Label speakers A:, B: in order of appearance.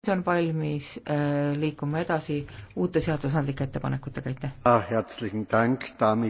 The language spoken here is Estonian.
A: nüüd on valmis äh, liikuma edasi uute seadusandlike ettepanekutega, aitäh!
B: Ah,